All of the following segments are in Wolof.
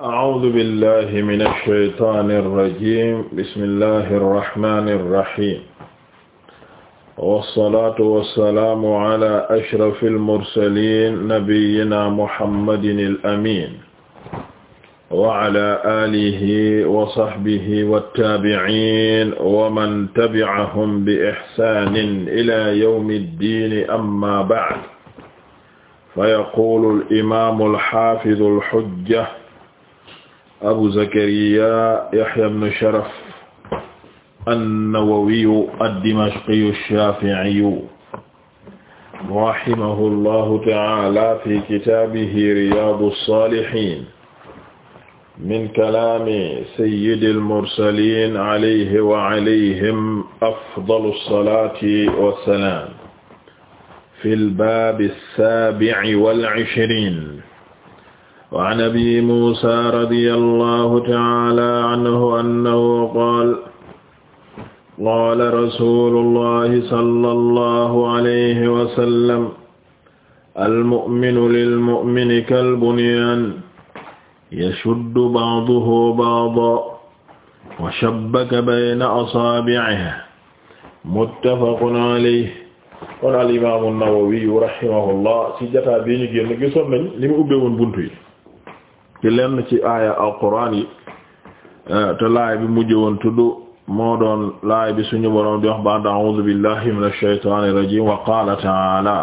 أعوذ بالله من الشيطان الرجيم بسم الله الرحمن الرحيم والصلاة والسلام على أشرف المرسلين نبينا محمد الأمين وعلى آله وصحبه والتابعين ومن تبعهم بإحسان إلى يوم الدين أما بعد فيقول الإمام الحافظ الحجة abu zakariya yahya ibn sharaf an-nawawiyu ad-dimashqiyu ash-shafi'iyu rahimahu llahu ta'ala fi kitaabihi riyaadu saalihiin min kalaami sayyidil mursaliin alayhi wa alayhim afdalu salaati wa salaam fil baabi saabi'i wal ishriin waan abi muusa radiyallahu ta'ala anhu annahu qaala qaala rasuulullahi sallallahu alayhi wa sallam almu'minu lilmu'mini kalbunyaan yashuddu ba'duhu ba'dan wa shabbaka bayna asaabi'ihi muttafaqun alayhi qaala al-imaamu an-Nawawi rahimahullah ci jataa bi ñu génn gisoon nañ li mu ubbe woon buntu yi ci lenn ci aaya alquran yi eh, te laay bi mujj woon tudd moo doon laay bi suñu boroom di wax ba'da a'uudu billahi minash shaytaanir rajiim wa qaala ta'aala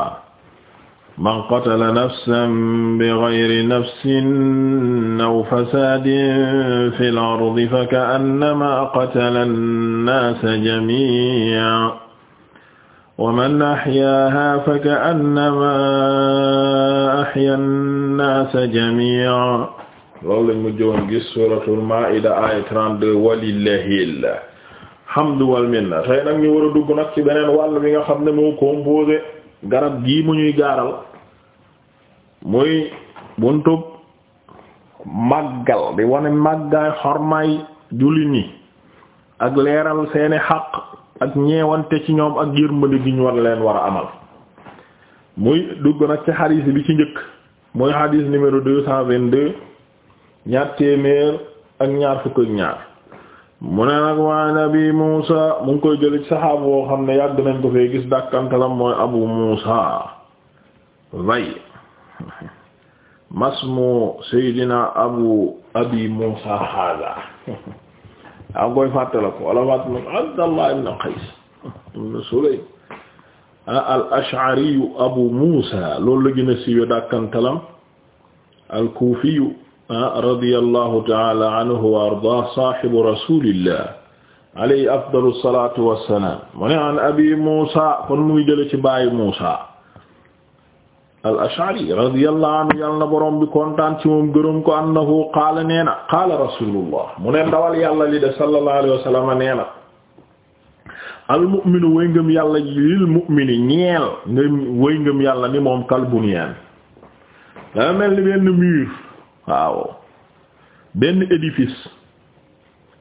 man qatala nafsan bighayri nafsin aw fasaadin fil ardi faka'annamaa qatala an-naasa jamii'an wa man ahyaahaa faka'annamaa ahyaa naasa jamii'an loolu lañ mujj woon gis suuratul maa'ida aaya 32 walillaahil hamdu wal minna tey nag ñu war a dugg nag ci beneen wàll bi nga xam ne moo composé garab gii mu ñuy gaaral muy buntub màggal di wane màggaay xormaay jullit ñi ak leeral seeni xaq ak ñeewante ci ñoom ak yërmande gi ñu war leen war a amal muy dugg nag ci xadiis bi ci njëkk mooy hadis numéro deux cent vingt-deux ñaar téeméer ak ñaar fukk ak ñaar mu ne nag waan abi Muusa mu koy jël ci saxaaba boo xam ne yàgg nañ ko fee gis dàkkantalam mooy abu Muusa vay masmu seydina abu abi Muusa hada yaa ngi koy fàttaliku walla fàttaliku Abdallah ibn Qays ibn Sulaym Ah, al ash'ari abu musa loolu la gën a siiwe dàkkantalam al kufi ah, radiyallahu ta'ala anhu wa ardaah sahibu rasulillah alayhi afdalu salatu wassalam mu ne an abi musa kon muy jële ci baayu musa al ash'ari radiyallahu anhu yàlla na borom bi kontaan ci moom gërëm ko annahu qaala nee na qaala rasulullah mu ne ndawal yàlla li de sallallahu alayhi wa sallam nee na almu'minu way ngëm yàlla lil mu'mini ñeel nga way ngëm yàlla ni moom kal bunyaan dana mel ni benn mur waaw benn édifice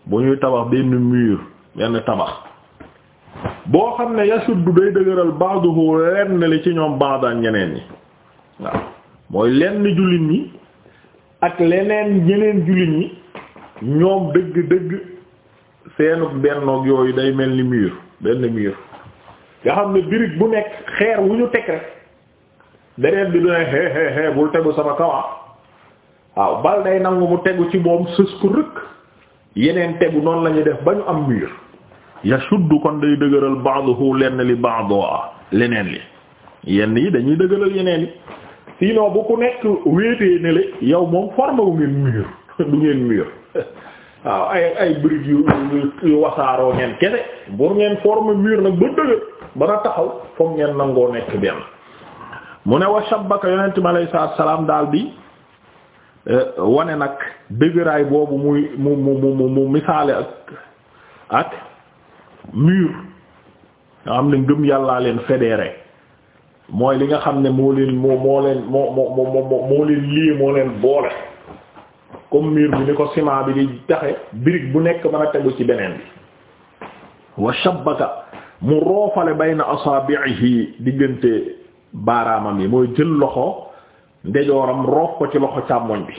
bu ñuy tabax benn mur benn tabax boo xam ne yasuddu day dëgëral ba'duhu lenn li ci ñoom ba'dan ñeneen ñi waaw mooy lenn jullit ñi ak leneen ñeneen jullit ñi ñoom dëgg dëgg seenug bennoog yooyu day mel ni mur benn mur nga xam ne birig bu nekk xeer wu ñu teg rek beneen bi du ne bul tegu sama kawa ah. waaw bal day nangu mu tegu ci moom sës ko rëkk yeneen tegu noonu lañuy def ba ñu am mur yashuddu kon day dëgëral ba'dahu lenn li ba'daha leneen li yenn yi dañuy dëgëral yeneen yi sinon bu ku nekk wéetee ne yow moom forme ngeen mur du ngeen mur waaw ay ay briques yu yu wasaaroo ngeen kese bor ngeen forme mur nag ba dëgër bana taxaw foog ngeen nangoo nekk benn mu ne wax shabbaka yonent mi alayhi salaam daal bi eh, wane nag dëgëraay boobu muy mu mu mu mu misaale ak ak mur nga xam ne ngëm yàllaa leen fédéré mooy li nga xam ne moo leen moo moo moo moo moo moo leen lii moo leen boole comme miir bi ni ko ciment bi di taxe brique bu nekk mën a tegu ci beneen bi wa shabbaka mu roofale bayna asaabi'ihi diggante baaraamam yi mooy jël loxo ndejooram roof ko ci loxo càmmoñ bi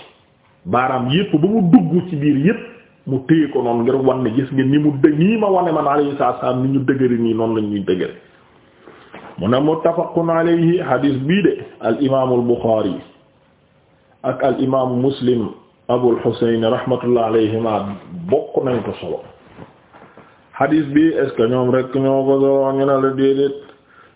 baaraam yépp ba mu dugg ci biir yépp mu téye ko noonu ngir wan ne gis ngeen ni mu dëgg nii ma wane man alayhi salaam ni ñu dëgëri nii noon lañuy dëgëri mu ne muttafaqun alayhi hadis bii de al imaamul buxaari ak al imaamu muslim Abul Husayn rahmatullah alayhima bokk nañ ko solo hadis bi est ce que ñoom rek ñoo ko solo ñu ne la déedéet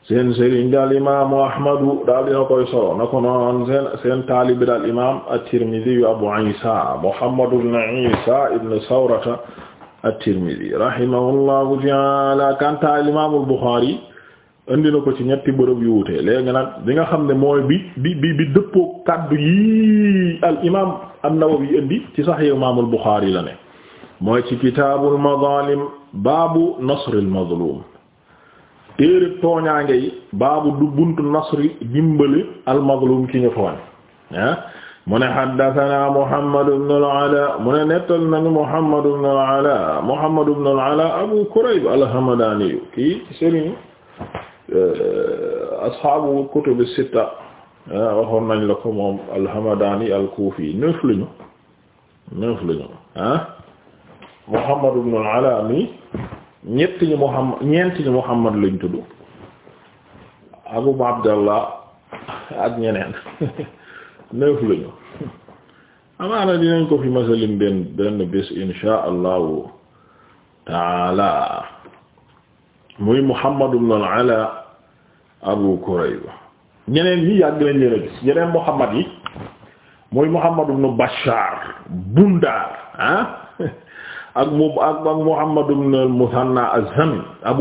seen sëriñ daal imaamu Ahmadu daal dina koy solo na ko noon seen seen taalibi daal imaam at-Tirmidhi yu Abu Isa Muhammad ibn Isa ibn Sawrata at-Tirmidhi rahimahullahu ta'ala al-imaam al-Bukhari indi na ko ci ñetti bërëb yu wute léegi nag nga xam ne mooy bi bi kaddu yi al imaam. an-Nawawi indi ci Sahih Imam al-Bukhari la ne mooy ci kitaabul mazaalim baabu nasril mazlum téere tooñaange yi baabu du buntu nasri dimbali al mazlum ki ñu tooñ mu ne haddathana Muhammad ibn al-Ala mu ne nettal nañu Muhammad ibn al-Ala Muhammad ibn Abu Kurayb al-Hamdani kii sëriñ euh, ashaabu kutubi sitta Ah, waxoon nañ la ko moom alhamadani alkuufi neuf lañu neuf lañu ah muhammad ibn al-ala mi ñett muhammad ñeent ñi muhammad lañ tudd abu abdallah ak ñeneen neuf lañu amaana dinañ ko fi masalim benn benn bés insha allahu muy muhammad ibn al abu kurayba ñeneen yi yàgg lañ leen a gis yeneen Muhammad yi muy Muhammad ibn Bashar Bundar ah ak mu ak ak Muhammad ibn al-Muthanna nga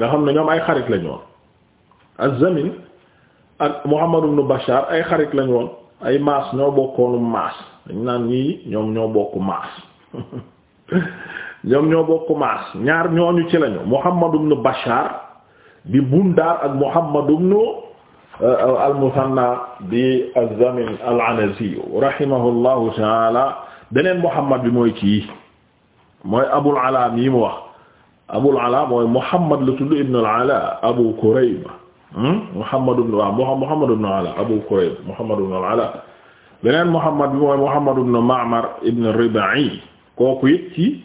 xam ne ñoom ay xarit lañ woon az ak Muhammad ibn Bashar ay xarit lañ woon ay maas ñoo bokkoonu maas dañ naan ñii ñoom ñoo bokk maas ñoom ñoo bokk maas ñaar ñooñu ci lañu Muhammad ibn Bashar bi Bundar ak Muhammad ibn Euh, al-Musanna bi az-Zamin al-Anazi rahimahullahu ta'ala beneen Muhammad bi mooy kii mooy Abul Ala mi mu wax Abul Ala mooy Muhammad la tudd ibn al-Ala Abu Kurayb hmm? Muhammad ibn wa Muhammad ibn Ala Abu Kurayb Muhammad ibn al-Ala beneen Muhammad bi mooy Muhammad ibn Ma'mar ibn Riba'i kooku it ci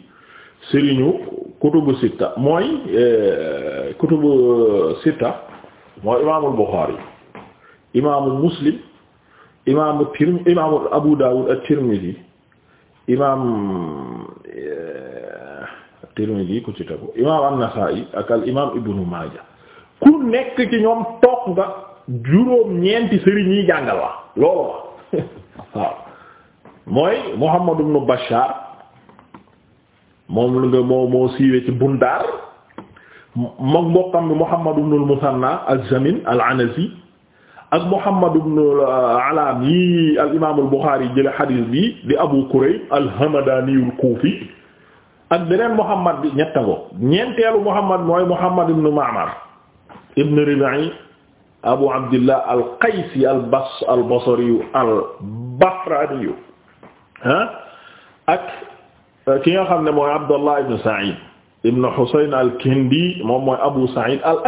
sëriñu kutubu sitta mooy euh, kutubu sitta mooy Imaamul Bukhari imaamu muslim imaamu tirm imaamu abu daawud at-tirmidhi imaam eh, tirmidhi ku ci tegu imaam an-nasa'i ak al imaam ibnu maaja ku nekk ci ñoom toog nga juróom ñeenti sëriñ yi jàngal wax loolu wax mooy muhammad ibnu bashar moom lu nga moo moo siiwee ci bundaar moom mbokkam bi muhammad ibnu al-musanna al-zamin al-anazi ak Muhammad ibn uh, Alaam yi al imaam al Buxaari jële bi di Abu Kurayb al Hamadaaniyul ak beneen Muhammad bi ñett ko mooy Muhammad ibn Ma'mar ibn Rib'i Abu Abdillah al Qaysi al Bas al ak uh, ki nga xam ne mooy Abdullah ibn Sa'id ibn Husayn al Kindi Abu Sa'id al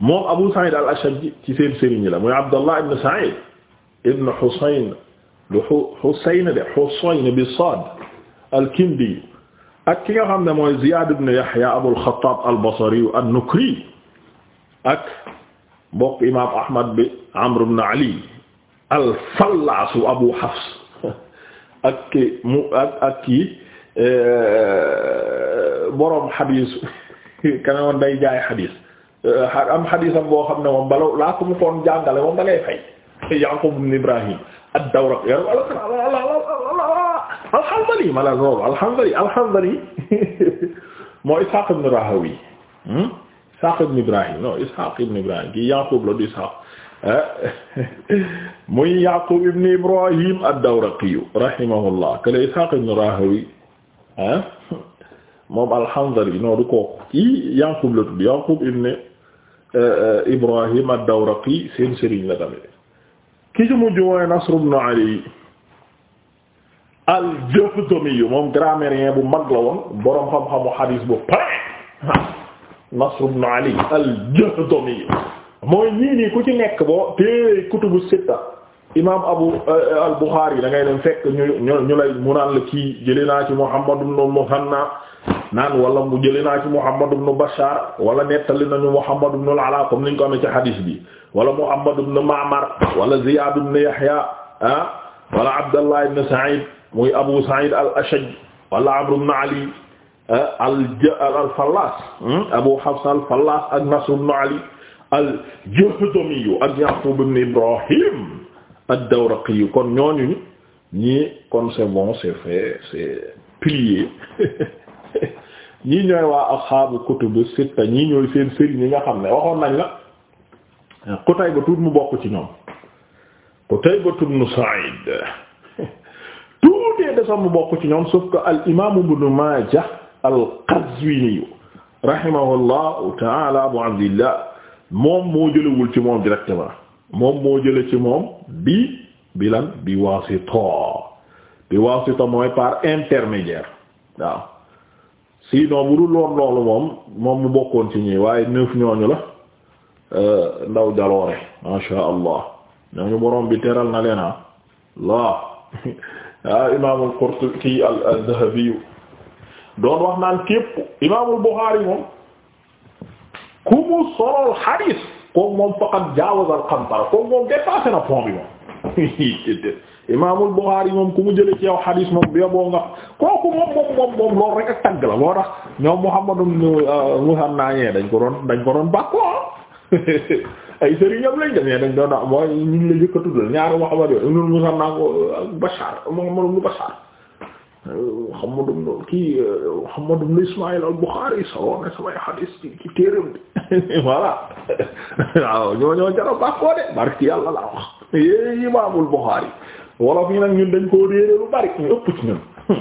moom Abu Sa'id al-Ashajji ci seen sëriñ la mooy Abdallah ibn Sa'id ibn Husayn lu Husayn de Husayn bi Saad al-Kindi ak ki nga xam ne mooy Ziyad ibn Yahya Abul Khattab al-Basri an-Nukri ak mbokk imaam Ahmad bi Amr ibn Ali al-Fallas Abu Hafs ak mu ak ak ki eh, borom xadiis kana woon day jaay xadiis Euh, am xadisam boo xam ne moom balaw laa ko mu koon jàngale moom da ngay fay Yaqub ibn Ibrahim al-Hanzali al-Hanzali al Ishaq ibn Rahawi hmm? Ishaq ibn Ibrahim non Yaqub la Ishaq muy Yaqub ibn Ibrahim ad-Dawraqi rahimahullah kale Ishaq ibn Rahawi ah, moom al-Hanzali non du kooku kii Yaqub la Yaqub ibn Euh, euh, Ibrahim ad-Dawraqi seen sëriñ la tamit ki ci mujj mooy Nasr ibn Ali al-Jahdami moom grammairien bu mag la woon boroom xam-xamu xadiis bu pare Nasr ibn Ali al-Jahdami mooy ñii nii ku ci nekk boo te kutubu sitta imaam Abu euh, al-Bukhari da ngay dem fekk ñu ñu lay mu naan kii jëlee naa ci Muhammad ibn Muthanna naan wala mu jëli naa ci Muhammad ibn Bashar wala nettali nañu Muhammad ibn al-Ala comme niñ ko amee ci hadith bi wala Muhammad ibn Ma'mar wala Ziyad ibn Yahya ah wala Abdallah ibn Sa'id muy Abu Sa'id al-Ashaj wala Amr ibn Ali ah, al-Fallas hmm, Abu Hafs al-Fallas ak Nasr ibn Ali al-Jahdami ak Yaqub ibn Ibrahim ad-Dawraqi kon ñooñu ñi kon c'est bon c'est fait c'est plié ñii ñooy waa ashaabu kutubu sitta ñii ñooy seen sëriñ yi nga xam ne waxoon nañ la Qutayba tuut mu bokk ci ñoom Qutayba ibn Sa'id tuutee desam mu bokk ci ñoom sauf que al imaam ibn Maajah al Qazwini rahimahullahu ta'ala Abu Abdillah moom moo jëlewul ci moom directement moom moo jële ci moom bi bilan bi waasita bi waasita mooy par intermédiaire waaw sinon bu dul woon loolu moom moom mu bokkoon ci ñi waaye neuf ñooñu la euh, ndaw jaloore ma sha allah ñooñu borom bi teral na leena la ah, ah imaamul Qurtubi kii al-Dhahabi doon wax naan képp imaamul Buxaari moom ku mu solol xadiis kooku moom faqat jaawaza al-qantara kooku moom dépassé na pont bi moom imaamul Buxaari moom ku mu jëlee ci yow xadiis moom bi yoboo nga kooku moom moom moom moom loolu ak tagg la loo tax ñoom Muhammadum euh, Musanna ñee dañ ko doon dañ ko doon bàkkoo ah. ay sëriñam lañ demee dañ doon mooy ñu ngi la jëkka tuddal ñaari Muhammadum nu Bashaar Muhammadum nu kii euh, Muhammadum nu Ismaayil al-Buxaari soloon na samay xadiis ci ci téeram bi voilà waaw ñoo ñoo jara bàkkoo de barki yàlla laa wax yéey imaamul Buxaari wolof yi nag ñun dañ koo réere lu bari ñu ëpp ci ñun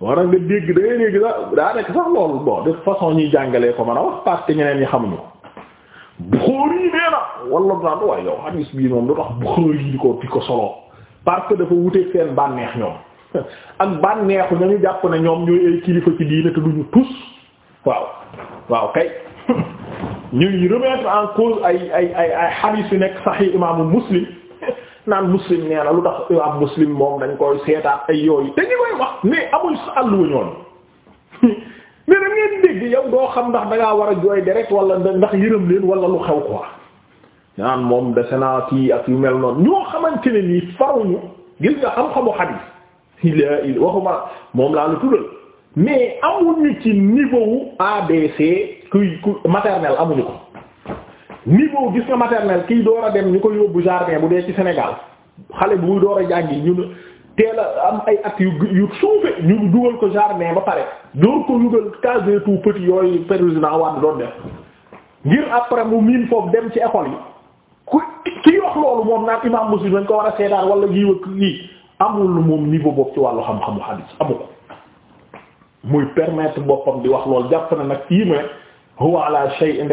war nag nga dégg da ngay dégg sax daa nekk sax loolu bon de façon ñuy jàngalee ko mën a wax parce que ñeneen ñi xamuñu ko Buxaari yi nee na wala naa du waaye yow hadis bii moom lu tax Buxaari yi di ko di ko solo parce que dafa wuteeg seen bànneex ñoom ak bànneexu ña ñu jàpp ne ñoom ñooy ay kilifa ci diine te duñu tus waaw waaw kay ñuy remettre en cause ay ay ay ay hadis yu nekk Sahih imaamu Muslim naan muslim nee na lu tax imaam muslim moom dañ koy seetaat ay yooyu te ñu koy wax mais amul sa àll wu ñoon ngeen dégg yow doo xam ndax da war a jooy direct wala ndax yërëm leen wala lu xew quoi. ñaan moom de naa yi ak yu mel noonu ñoo xamante ne nii faruñu gis nga xam-xamu xadiis il waxuma moom laa lu tuddal mais amuñu ci niveau wu ABC kuy ku maternel amuñu ko. niveau gis nga maternel kiy door a dem ñu ko yóbbu jardin bu dee ci Sénégal xale buy door a jàngi ñun teel a am ay at yu yu suufe ñu dugal ko jardin ba pare door ko yugal case des tout-petits yooyu président Wade doon def ngir après mu miin foofu dem ci école yi ku ki wax loolu moom naan imam Muslim dañ ko war a seetaan wala giiw ak gi amul moom niveau bopp ci wàllu xam-xamu hadith amu muy permettre boppam di wax lool jàpp na nag fii ma huwa ala shay'in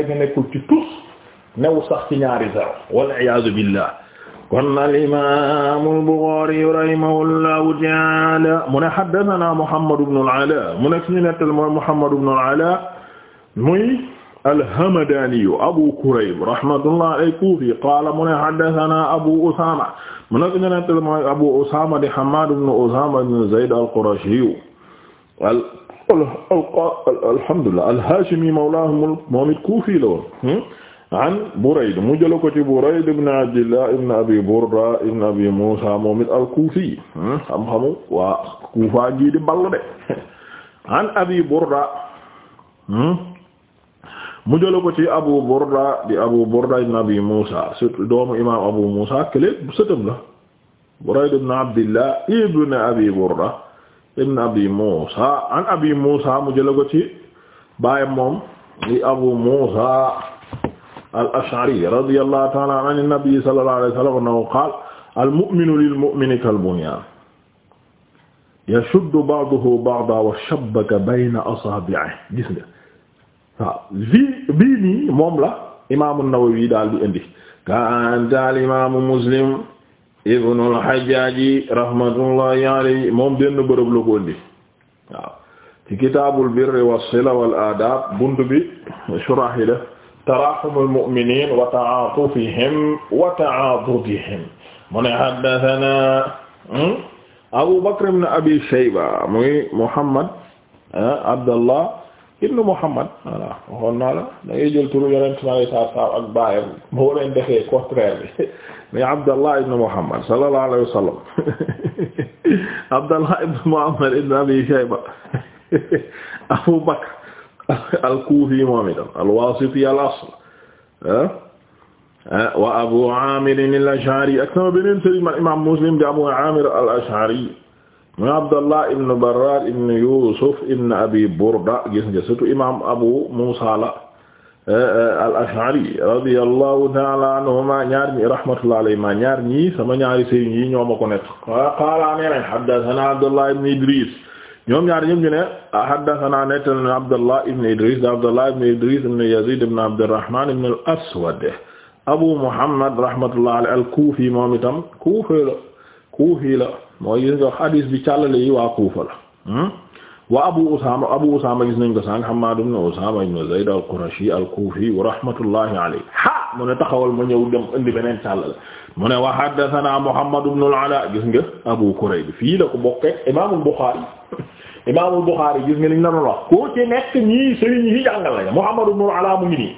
new sax ci ñaari zéro wal iyaazu billah kon al imam al Bukhari rahimahullahu ta'ala mu ne haddathana Muhammad ibn al Ala mu ne suñu nettal mooy Muhammad ibn al Ala muy al-Hamadani Abu Kurayb rahmatullah alayhi Kufi qala mu ne haddathana Abu Usama mu ne suñu nettal mooy Abu Usama di Hammad ibn Usama ibn Zayd al-Qurashi alhamdulillah al-Hashimi mawlahum moom it Kufi la woon hmm? an Burayd mu jëla ko ci Burayd ibn Abdillah ibn Abi Burda ibn Abi Musa moom it al-Kufi hmm, xam-xamu waa Kufa gi di ballu de an Abi Burda hmm, mu jëla ko ci Abu Burda di Abu Burda ibn Abi Musa surtout doomu imaam Abu Musa kële sëtam la Burayd ibn Abdillah ibn Abi Burda ibn Abi Musa an Abi Musa mu jëla ko ci baayam moom di Abu Musa al-Ash'ari radiyallahu ta'ala an an-nabi sallallahu alayhi wa sallam annahu qaala al-mu'minu lil-mu'mini kal-bunyaan yashuddu ba'duhu ba'dan wa shabbaka bayna asaabi'ihi gis nga waaw bii bii nii moom la imaamu Nawawi daal di indi kaantaal imaamu Muslim ibnu al-Hajjaaji rahmatullahi alayhi moom benn bërëb la ko indi waaw ci kitaabul birri was-sila wal aadaab bunt bi shurah yi def taraahumul mu'miniin wa ta'aatufihim wa ta'aadudihim mu ne haddasanaa hmm? Abu Bakr ibn Abi Shayba muy Muhammad eh, Abdallah ibn Muhammad voilà waxoon naa la da ngay jël turu Yonent mi alayhi salaatu salaam ak baayam moo leen defee contraire bi mais Abdallah ibn Muhammad sallallahu alayhi wa sallam Abdallah ibn Muhammad ibn Abi Shayba Abu Bakr al-Kufi moom itam al-Wasiti al-asl ah, ah, wa Abu Amir al-Ash'ari ak sama beneen sëriñ man imam Muslim di Abu Amir al-Ash'ari mu Abdallah ibn Barrar ibn Yusuf ibn Abi Burda gis nga surtout imam Abu Musa la ah, al-Ash'ari radiyallahu ta'ala anhuma ñaar ñi rahmatullahi alayhima ñaar ñi sama ñaari sëriñ yi ñoo ma ko nekk qaala nee nañ haddathana Abdullah ibn Idris ñoom ñaar ñoom ñu ne a netal na Abdullah ibn Idris Abdullah ibn Idris ibn Yazid ibn Abdurrahman ibn aswad Abu Muhammad rahmatullah alayhi al-Kufi moom itam Kufi la Kufi la mooy gis nga hadis bi càllale yi waa ku la hmm? wa Abu Usama Abu Usama gis nañ ko sànq Hammad ibn Usama ibn Zayd al-Qurashi al-Kufi rahmatullahi alayhi ha mu ne taxawal ma ñëw dem indi beneen càllale mu ne wa haddathana Muhammad ibn al-Ala gis nga Abu Kurayb fii la ko bokke Imam al-Bukhari imaamul Buxaari gis nga liñ la doon wax koo ci nekk ñii sëriñ a jàngal lañu Muhammad ibn Ala mu ngi nii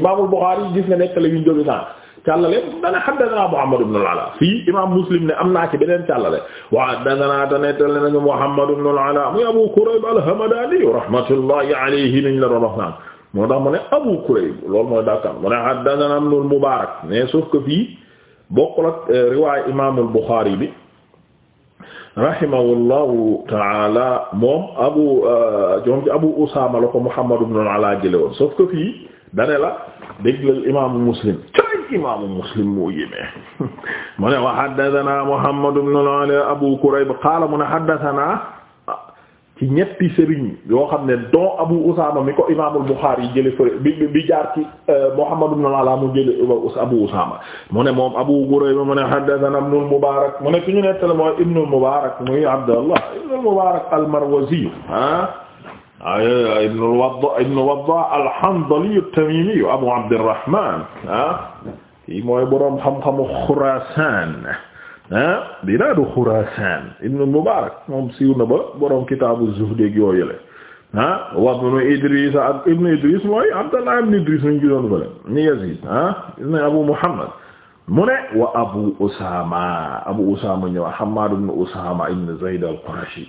imaamul Buxaari gis nga nekk la yuñ jóge naa càllale dana haddathana Muhammad ibn Ala fii imaam Muslim ne am naa ci beneen càllale wa haddathana te nettali nañu Muhammad ibn Ala muy Abu Kurayb al-Hamdani rahmatullahi alayhi niñ la doon wax naan moo tax mu ne Abu Kurayb loolu mooy dàkkan mu ne haddathana Ibn al-Mubarak mais sauf que fii bokkul euh, rahimahullahu taala moom abu euh, joom ci abu usaama la ko muhammad ibn ala jële woon sauf que fii dane la déglal imaamu muslim cay imaamu muslim moo yémee mu ne wa haddathana muhammad ibn ala abu kurayb qaala mu ne haddathana ci ñetti sëriñ yoo xam ne don abu usaama mi ko imaamul buxaari jële fëre bi bi jaar ci euh, muhammad ibn ala mu jële euh, abu usaama mu ne moom abu gurayba mu ne haddathana ibnul mubaarak mu ne ki ñu nettale mooy ibnul mubaarak muy abdallah ibnul mubaarak al-marwazi ah a ibnul wadda ibnul wadda al-hanzali at-tamimi abu abdirrahman ah kii mooy boroom xam-xamu xuraasaan ah bilaadu Xuraasaan ibnu Mubaarak moom siiw na ba borom kitaabu Zuhd ak yoo yële Idris ak ibnu Idris Idris mi ñu gisoon fële ni Yazid ah Abu Muhammad mu ne wa Abu Usaama Abu Usaama ñëw Hammaad ibnu Usaama ibnu Zayd al-Qurashi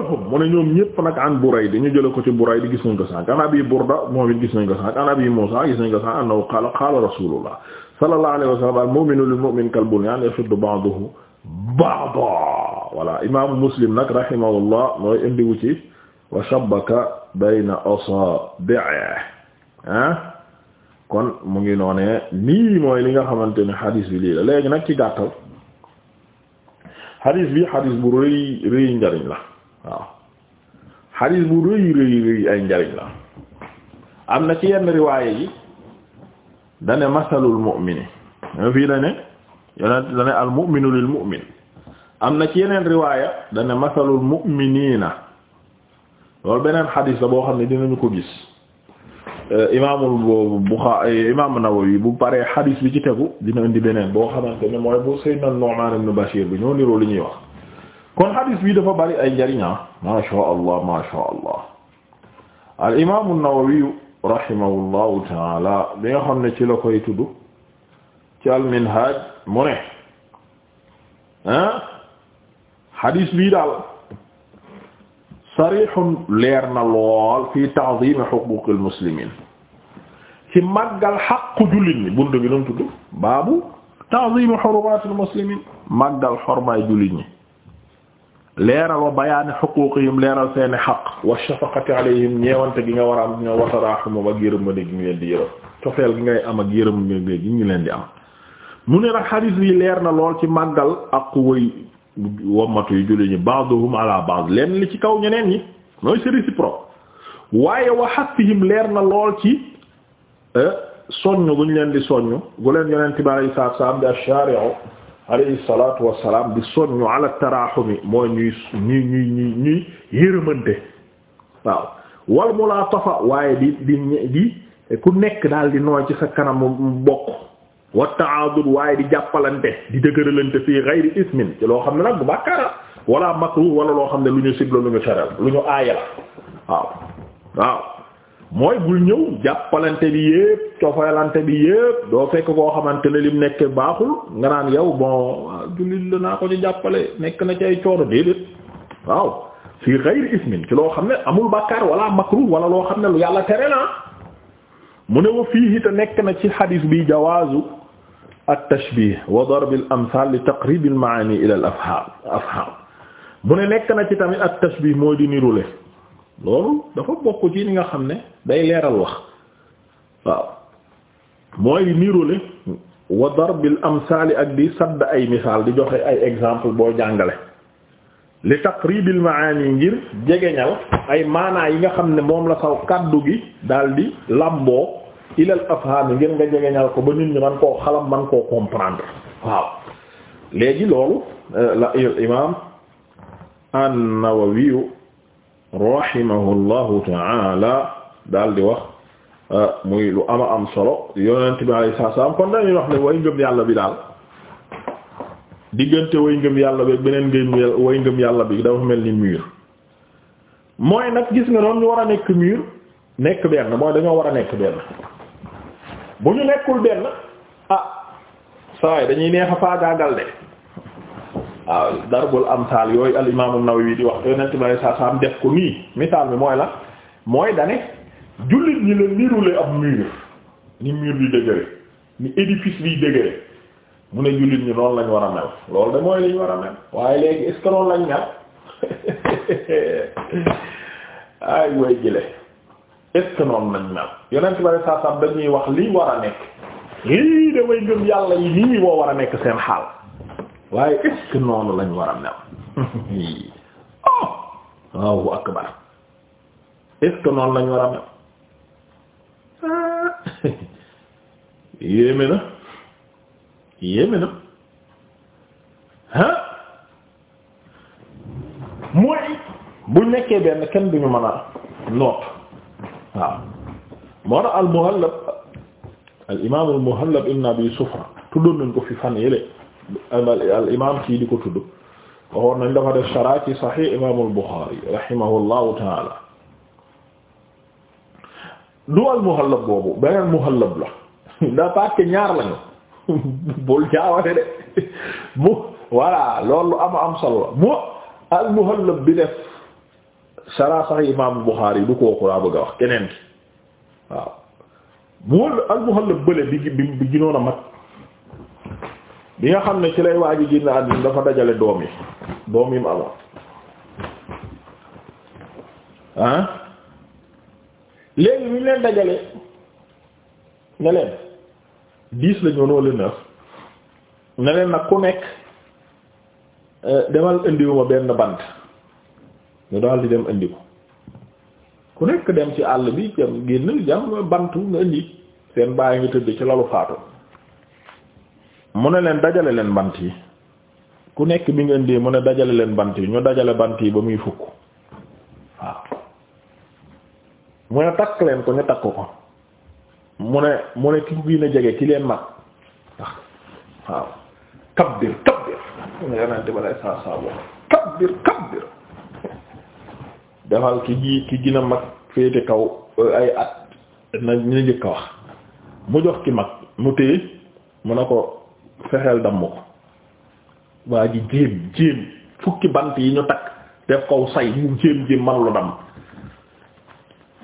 mu ne ñoom ñépp nag an Burayd ñu jële ko ci Burayd gis nañ ko sànq an Abi Burda moom it gis nañ ko sànq an Abi Muusaa gis nañ ko sànq annahu qaala qaala Rasuulullah sallallahu alayhi wa sallam al mu'minu lil mu'min kal bunyan yashuddu ba'duhu ba'dan voilà imaamu muslim nag rahimahullah mooy indiwu ci wa shabbaka bayna asabi'ihi ah kon mu ngi noonee nii mooy li nga xamante ne xadis bi lii la léegi nag ci gàttal xadis bi xadis bu rëy rëy njariñ la waaw xadis bu rëy rëy rëy ay njariñ la am na ci yenn riwaaye yi dane masalul mu'mini fii dane yonent dane al mu'minu lil mu'min am na ci yeneen riwaaya dane masalul mu'miniina loolu beneen xadiis boo xam ne dinañu ko gis eh, imaamul Buxaari eh, imaam Nawawi bu paree xadiis bi ci tegu dina indi beneen boo xamante ne mooy bu Seydina Nu'maan ibn Bashir bi ñoo niroo li ñuy wax kon xadiis bi dafa bari ay njariñaa ah, ma sha allah ma sha allah al imaamul Nawawi rahimahullahu taala bi nga xam ne ci la koy tudd ci al-Minhaj mu ne ah hadis bii daal sarihun leer na lool fi ta'zim huquq al-muslimin ci màggal xaqu jullit ñi bunt bi nu mu tudd baabu ta'zim hurumat al-muslimin màggal xormaay jullit ñi leeral wa bayaani xuquuqihim leeral seeni xaq wa shafaqati alayhim ñeewante gi nga war a am ñoo wataraaxumum ak yërmande gi ñu leen di yërëm cofeel gi ngay am ak yërmande gi ñu leen di am mu ne nag xadiis yi leer na lool ci màggal ak way wommatu yu julli ñi ba'duhum ala ba'd leen li ci kaw ñeneen ñi mooy c'est réciproque waaye wa haqqihim leer na lool ci eh, soññ gu ñu leen di soññ gu leen yonent bi alayhi salaatu wa di ash-shari'u alayhi salaatu wassalaam di soññu ala taraaxumi mooy ñuy ñuy ñuy ñuy ñuy yërëmante waaw wal mulaatafa waaye di di di ku nekk daal di nooy ci sa kanamu mbokk wa ta'aadud waaye di jàppalante di dëgëralante fii ghayri ismin ci loo xam ne nag bu bàkkaara wala makruh wala loo xam ne lu ñu sibla lu ñu teral lu ñu aaya la waaw waaw mooy bul ñëw jàppalante bi yépp cofalante bi yépp doo fekk koo xamante ne lim nekk baaxul nga naan yow bon jullit la naa ko ci jàppale nekk na ci ay coono déedéet waaw fi ghayri ismin ci loo xam ne amul bàkkaar wala makruh wala loo xam ne lu yàlla tere na mu ne wa fiihi te nekk na ci xadiis bi jawaazu at wa darb al-amthal li taqrib al ila al-afham mu ne nekk na ci tamit at-tashbih mooy di nirule loolu dafa bokk ci li nga xam ne day leeral wax waaw mooy nirole wa darbil amsaali ak di sadd ay misaal di joxe ay exemple boo jàngale li taqribil maani ngir jegeñal ay maanaa yi nga xam ne moom la saw kàddu gi daal di làmboo ilal afham ngir nga jegeñal ko ba nit ñi man koo xalam man koo comprendre waaw léegi loolu euh, la imaam an-Nawawi rahimahullahu taala daal di wax euh, muy lu ama am solo yonent bi alayhi salaam kon dañuy wax ne way ngëm yàlla bi daal diggante way ngëm yàlla bi ak beneen ngëm way ngëm yàlla bi dafa mel ni mur mooy nag gis nga noonu ñu war a nekk mur nekk benn mooy dañoo war a nekk benn bu ñu nekkul benn ah saa dañuy neex a faagaagal de waaw darbul amsal yooyu al imam an yii di wax yonent bi saa saam def ko nii misaal bi mooy la mooy dane jullit ñi la nirule ab mur ni mur di dëgëre ni édifice biy dëgëre mu ne jullit ñi noonu lañ war a mel lool de mooy lañ war a mel waaye léegi est lañ mel ay way jële est-ce que noonu lañ dañuy wax lii war a nekk lii damay gëm yàlla yi nii moo war a nekk seen xaal waaye est noonu lañ war a mel waaw oh, akbar est-ce noonu lañ war a mel ah, yéeme na yéeme na ah mooy bu nekkee benn kenn duñu mën a noot waaw moo tax al Muhallab al imaam al Muhallab ibn Abi Sufra tuddoon nañ ko fi fan yële al imaam kii di ko tudd waxoon nañ dafa def shara ci sahih imaamul Buxaari rahimahullahu taala du al muhallab boobu beneen muhallab la ndax parce ñaar lañu bul jaawate de mu voilà am am solo la mu al muhallab bi def shara sahih imaamul Buxaari du kooku laa bëgg a wax mu al muhallab bële bi bi bi ginoon a bi nga xam ne ci lay waaji génn àddina dafa dajale doom yi doom yi mu amoon ah léegi ñu leen dajale ne leen dix la ñoonoo le nag ku nekk euh, demal indiwuma benn bant ñu daal di dem indi ko ku nekk dem ci àll bi jam génn jam bantu nga indi seen bàyyi nga tëdd ci lalu faatu mu ne leen dajale leen bant yi ku nekk bi ngeen dee mu ne dajale leen bant yi ñu dajale bant yi ba muy fukk waaw mu ne takk leen ko ñu takk ko mu ne mu ne ki ku a jege ki leen mag tax waaw kabbir kabbir yonente ba lay defal ki ji ki gën a mag féete kaw euh, ay at na ñu njëkk a wax mu jox ki mag mu téye mu ne ko fexeel damm ko waa ji jéem jéem fukki bant yi ñu takk def kow say mu jéem jéem man lu damm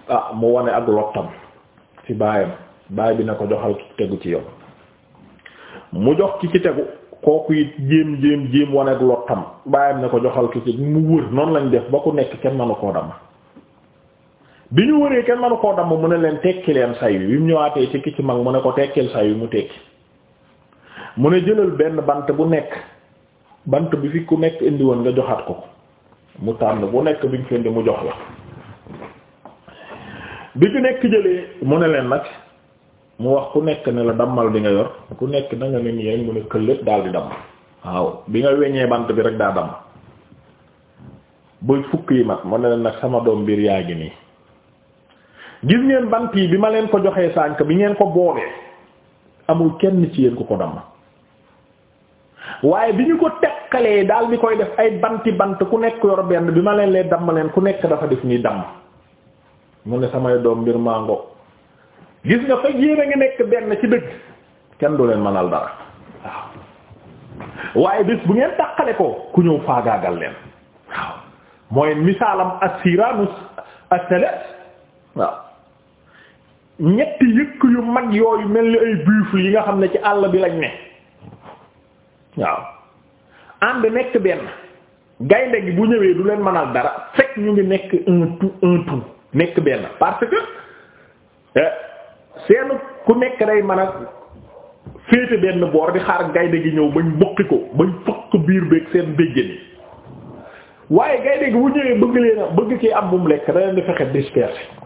ah mu wane ak lottam ci baayam baay bi na ko joxal tegu ci yoon mu jox ki ci tegu kooku it jéem jéem jéem wane ak lottam baayam na ko joxal ki ci mu wër noonu lañ def ba ku nekk kenn manu koo damm bi ñu wëree kenn manu koo damm mu ne leen tekki say wi bi mu ñëwaatee ci ki ci mag mu ne ko tekkil say wi mu tekki mu ne jëlal benn bant bu nekk bant bi fi ku nekk indiwoon nga joxaat ko mu tànn bu nekk bi nga fi mu jox la bi ku nekk jëlee mu ne leen nag mu wax ku nekk ne la dammal bi nga yor ku nekk na nga ne nii rek mu ne këllëg daal di damm waaw bi nga weñee bant bi rek daa damm ba fukk yi mat mu ne leen nag sama doom mbir yaa ngi nii gis ngeen bant yi bi ma leen ko joxee sànk bi ngeen ko boolee amul kenn ci yéen ku ko damm waaye bi ñu ko tekkalee daal di koy def ay banti bant ku nekk yor benn bi ma leen lee damm leen ku nekk dafa def nii damm mu ne samay doom mbir mango gis nga fa yéen a nekk benn ci dëgg kenn du leen mënal dara waaw waaye bis bu ngeen takkale ko ku ñëw faagaagal leen waaw mooy misaalam assiraanus assalet waaw ñetti yëkk yu mag yooyu mel ni ay buffle yi nga xam ne ci àll bi lañ ne waaw ànd nekk benn gaynde gi bu ñëwee du leen mënal dara fekk ñu ngi nekk un tout un tout nekk benn parce que eh, seen ku nekk day man a féete benn boor di xaar gaynde gi ñëw bañ bokki ko bañ fokk biir beeg seen béjjén yi waaye gaynde gi bu ñëwee bëgg leen a bëgg ci am bu lekk da leen di fexe disperser